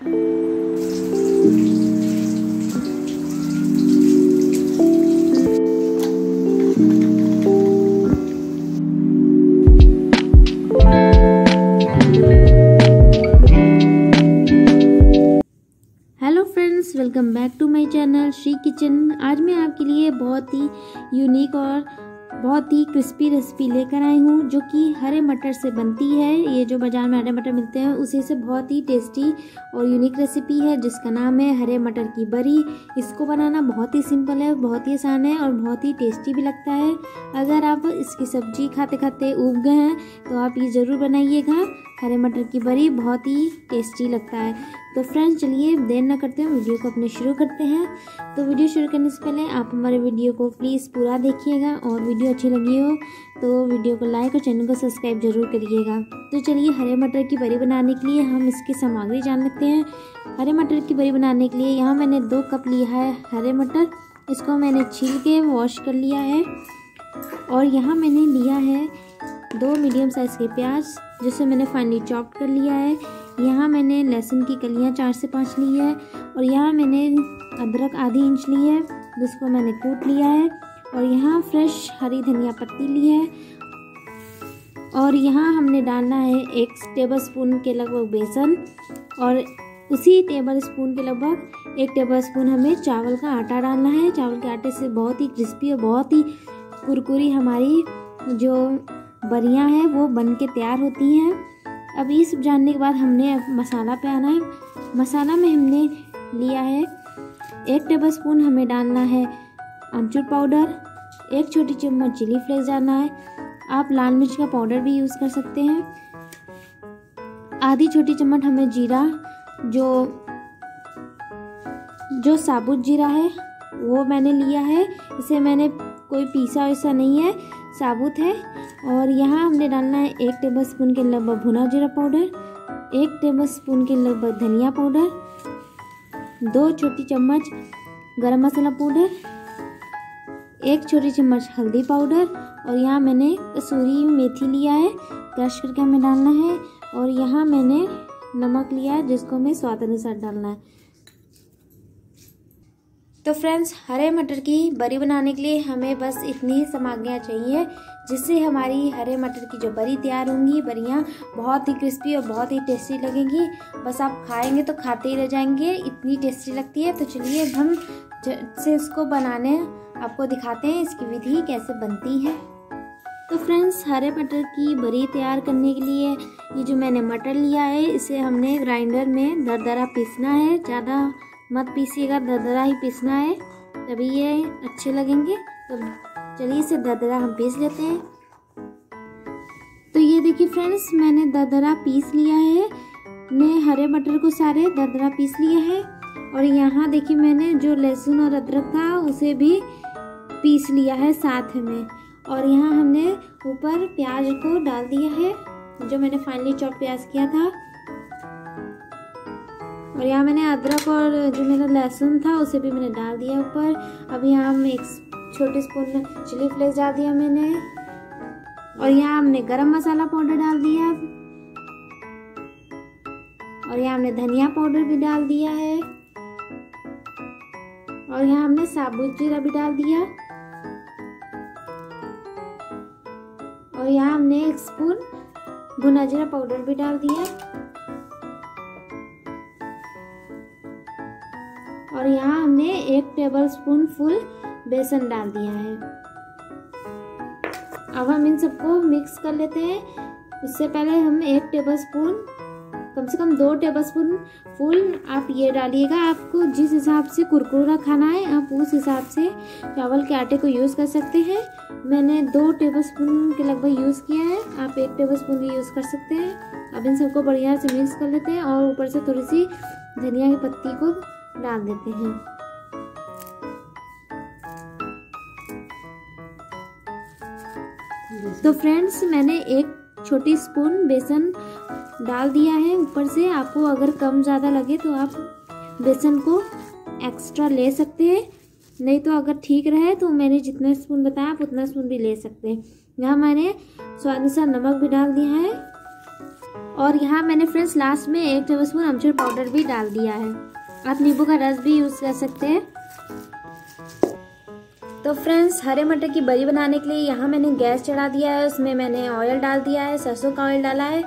welcome back to my channel Shri kitchen आज मैं आपके लिए बहुत ही यूनिक और बहुत ही क्रिस्पी रेसिपी लेकर आई हूँ जो कि हरे मटर से बनती है ये जो बाज़ार में हरे मटर मिलते हैं उसी से बहुत ही टेस्टी और यूनिक रेसिपी है जिसका नाम है हरे मटर की बरी इसको बनाना बहुत ही सिंपल है बहुत ही आसान है और बहुत ही टेस्टी भी लगता है अगर आप इसकी सब्जी खाते खाते उग गए हैं तो आप ये ज़रूर बनाइएगा हरे मटर की बरी बहुत ही टेस्टी लगता है तो फ्रेंड्स चलिए देर ना करते हैं वीडियो को अपने शुरू करते हैं तो वीडियो शुरू करने से पहले आप हमारे वीडियो को प्लीज़ पूरा देखिएगा और वीडियो अच्छी लगी हो तो वीडियो को लाइक और चैनल को सब्सक्राइब जरूर करिएगा तो चलिए हरे मटर की बरी बनाने के लिए हम इसकी सामग्री जान लेते हैं हरे मटर की बरी बनाने के लिए यहाँ मैंने दो कप लिया है हरे मटर इसको मैंने छील के वॉश कर लिया है और यहाँ मैंने लिया है दो मीडियम साइज़ के प्याज जिसे मैंने फाइनली चॉप कर लिया है यहाँ मैंने लहसुन की कलियाँ चार से पाँच ली है और यहाँ मैंने अदरक आधी इंच ली है जिसको मैंने कूट लिया है और यहाँ फ्रेश हरी धनिया पत्ती ली है और यहाँ हमने डालना है एक टेबल स्पून के लगभग बेसन और उसी टेबल स्पून के लगभग एक टेबल स्पून हमें चावल का आटा डालना है चावल के आटे से बहुत ही क्रिस्पी और बहुत ही कुरकुरी हमारी जो बरियां हैं वो बन के तैयार होती हैं अब ये सब जानने के बाद हमने अब मसाला पे आना है मसाला में हमने लिया है एक टेबल स्पून हमें डालना है अमचूर पाउडर एक छोटी चम्मच चिली फ्लेक्स डालना है आप लाल मिर्च का पाउडर भी यूज़ कर सकते हैं आधी छोटी चम्मच हमें जीरा जो जो साबुत जीरा है वो मैंने लिया है इसे मैंने कोई पीसा वैसा नहीं है साबुत है और यहाँ हमने डालना है एक टेबल स्पून के लगभग भुना जीरा पाउडर एक टेबल स्पून के लगभग धनिया पाउडर दो छोटी चम्मच गरम मसाला पाउडर एक छोटी चम्मच हल्दी पाउडर और यहाँ मैंने कसूरी मेथी लिया है क्रश करके हमें डालना है और यहाँ मैंने नमक लिया है जिसको हमें स्वाद अनुसार डालना है तो फ्रेंड्स हरे मटर की बरी बनाने के लिए हमें बस इतनी ही सामग्रियाँ चाहिए जिससे हमारी हरे मटर की जो बरी तैयार होंगी बरियाँ बहुत ही क्रिस्पी और बहुत ही टेस्टी लगेंगी बस आप खाएंगे तो खाते ही रह जाएंगे इतनी टेस्टी लगती है तो चलिए अब हम से इसको बनाने आपको दिखाते हैं इसकी विधि कैसे बनती है तो फ्रेंड्स हरे मटर की बरी तैयार करने के लिए ये जो मैंने मटर लिया है इसे हमने ग्राइंडर में दरा पीसना है ज़्यादा मत पीसिएगा ददरा ही पीसना है तभी ये अच्छे लगेंगे तो चलिए इसे ददरा हम पीस लेते हैं तो ये देखिए फ्रेंड्स मैंने ददरा पीस लिया है मैं हरे मटर को सारे ददरा पीस लिया है और यहाँ देखिए मैंने जो लहसुन और अदरक था उसे भी पीस लिया है साथ में और यहाँ हमने ऊपर प्याज को डाल दिया है जो मैंने फाइनली चॉप प्याज किया था और यहाँ मैंने अदरक और जो मेरा लहसुन था उसे भी मैंने डाल दिया ऊपर अब यहाँ हम एक छोटे स्पून चिली फ्लेक्स डाल दिया मैंने और यहाँ हमने गरम मसाला पाउडर डाल दिया और यहाँ हमने धनिया पाउडर भी डाल दिया है और यहाँ हमने साबुत जीरा भी डाल दिया और यहाँ हमने एक स्पून भुना जीरा पाउडर भी डाल दिया हमने एक टेबलस्पून फुल बेसन डाल दिया है अब हम इन सबको मिक्स कर लेते हैं उससे पहले हम एक टेबलस्पून कम से कम दो टेबलस्पून फुल आप ये डालिएगा आपको जिस हिसाब से कुरकुरा खाना है आप उस हिसाब से चावल के आटे को यूज़ कर सकते हैं मैंने दो टेबलस्पून के लगभग यूज़ किया है आप एक टेबलस्पून भी यूज़ कर सकते हैं अब इन सबको बढ़िया से मिक्स कर लेते हैं और ऊपर से थोड़ी सी धनिया की पत्ती को डाल देते हैं तो फ्रेंड्स मैंने एक छोटी स्पून बेसन डाल दिया है ऊपर से आपको अगर कम ज़्यादा लगे तो आप बेसन को एक्स्ट्रा ले सकते हैं नहीं तो अगर ठीक रहे तो मैंने जितना स्पून बताया आप उतना स्पून भी ले सकते हैं यहाँ मैंने स्वाद अनुसार नमक भी डाल दिया है और यहाँ मैंने फ्रेंड्स लास्ट में एक टेबल स्पून अमचूर पाउडर भी डाल दिया है आप नींबू का रस भी यूज़ कर सकते हैं तो फ्रेंड्स हरे मटर की बरी बनाने के लिए यहाँ मैंने गैस चढ़ा दिया है उसमें मैंने ऑयल डाल दिया है सरसों का ऑयल डाला है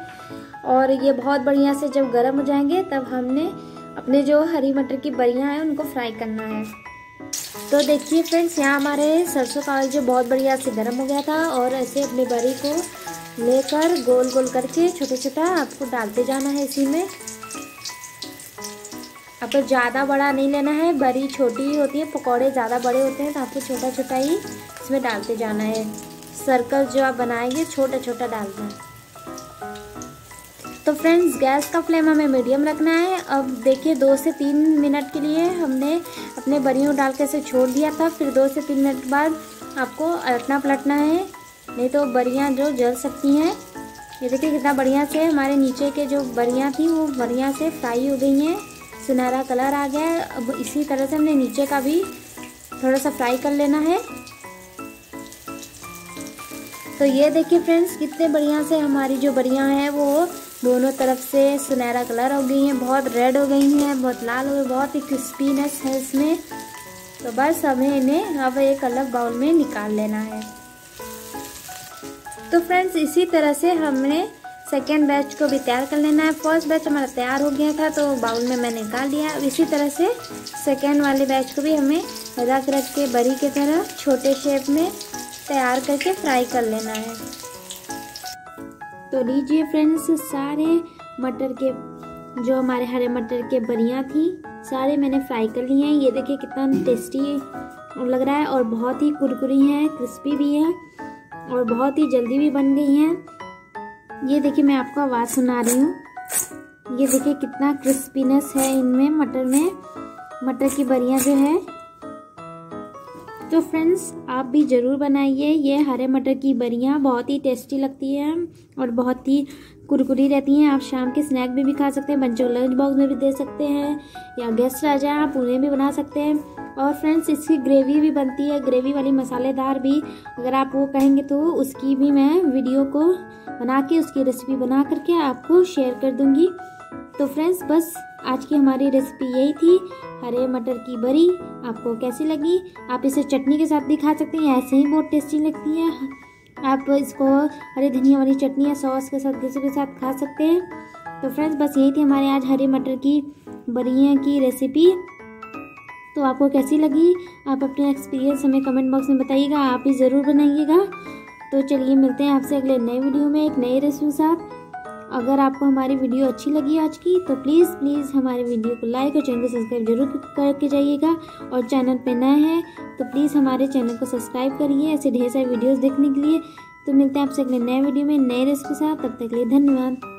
और ये बहुत बढ़िया से जब गर्म हो जाएंगे तब हमने अपने जो हरी मटर की बरियाँ हैं उनको फ्राई करना है तो देखिए फ्रेंड्स यहाँ हमारे सरसों का ऑयल जो बहुत बढ़िया से गर्म हो गया था और ऐसे अपने बरी को लेकर गोल गोल करके छोटा छोटा आपको डालते जाना है इसी में आपको तो ज़्यादा बड़ा नहीं लेना है बड़ी छोटी ही होती है पकौड़े ज़्यादा बड़े होते हैं तो आपको छोटा छोटा ही इसमें डालते जाना है सर्कल जो आप बनाएंगे छोटा छोटा डालना है तो फ्रेंड्स गैस का फ्लेम हमें मीडियम रखना है अब देखिए दो से तीन मिनट के लिए हमने अपने बरियों डाल के इसे छोड़ दिया था फिर दो से तीन मिनट बाद आपको अलटना पलटना है नहीं तो बरियाँ जो जल सकती हैं ये देखिए कितना बढ़िया से हमारे नीचे के जो बरियाँ थी वो बढ़िया से फ्राई हो गई हैं सुनहरा कलर आ गया है अब इसी तरह से हमने नीचे का भी थोड़ा सा फ्राई कर लेना है तो ये देखिए फ्रेंड्स कितने बढ़िया से हमारी जो बढ़िया हैं वो दोनों तरफ से सुनहरा कलर हो गई हैं बहुत रेड हो गई हैं बहुत लाल हो गई बहुत ही क्रिस्पीनेस है इसमें तो बस हमें इन्हें अब एक अलग बाउल में निकाल लेना है तो फ्रेंड्स इसी तरह से हमने सेकेंड बैच को भी तैयार कर लेना है फर्स्ट बैच हमारा तैयार हो गया था तो बाउल में मैंने निकाल लिया अब इसी तरह से सेकेंड वाले बैच को भी हमें रख रख के बरी की तरह छोटे शेप में तैयार करके फ्राई कर लेना है तो लीजिए फ्रेंड्स सारे मटर के जो हमारे हरे मटर के बरियाँ थी सारे मैंने फ्राई कर लिए हैं ये देखिए कितना टेस्टी लग रहा है और बहुत ही कुरकुरी हैं क्रिस्पी भी है और बहुत ही जल्दी भी बन गई हैं ये देखिए मैं आपको आवाज़ सुना रही हूँ ये देखिए कितना क्रिस्पीनेस है इनमें मटर में मटर की बरियाँ जो है तो फ्रेंड्स आप भी ज़रूर बनाइए ये हरे मटर की बरियाँ बहुत ही टेस्टी लगती हैं और बहुत ही कुरकुरी रहती हैं आप शाम के स्नैक में भी खा सकते हैं बच्चों लंच बॉक्स में भी दे सकते हैं या गेस्ट आ जाए आप उन्हें भी बना सकते हैं और फ्रेंड्स इसकी ग्रेवी भी बनती है ग्रेवी वाली मसालेदार भी अगर आप वो कहेंगे तो उसकी भी मैं वीडियो को बना के उसकी रेसिपी बना करके आपको शेयर कर दूंगी तो फ्रेंड्स बस आज की हमारी रेसिपी यही थी हरे मटर की बरी आपको कैसी लगी आप इसे चटनी के साथ भी खा सकते हैं ऐसे ही बहुत टेस्टी लगती है आप इसको हरे धनिया वाली चटनी या सॉस के साथ किसी के साथ खा सकते हैं तो फ्रेंड्स बस यही थी हमारे आज हरे मटर की बरिया की रेसिपी तो आपको कैसी लगी आप अपने एक्सपीरियंस हमें कमेंट बॉक्स में बताइएगा आप ही ज़रूर बनाइएगा तो चलिए मिलते हैं आपसे अगले नए वीडियो में एक नई रेसिपी साथ अगर आपको हमारी वीडियो अच्छी लगी आज की तो प्लीज़ प्लीज़ हमारे वीडियो को लाइक और चैनल को सब्सक्राइब जरूर करके जाइएगा और चैनल पर नए हैं तो प्लीज़ हमारे चैनल को सब्सक्राइब करिए ऐसे ढेर सारे वीडियोज़ देखने के लिए तो मिलते हैं आपसे अगले नए वीडियो में नए रेसिपी साथ तब तक के लिए धन्यवाद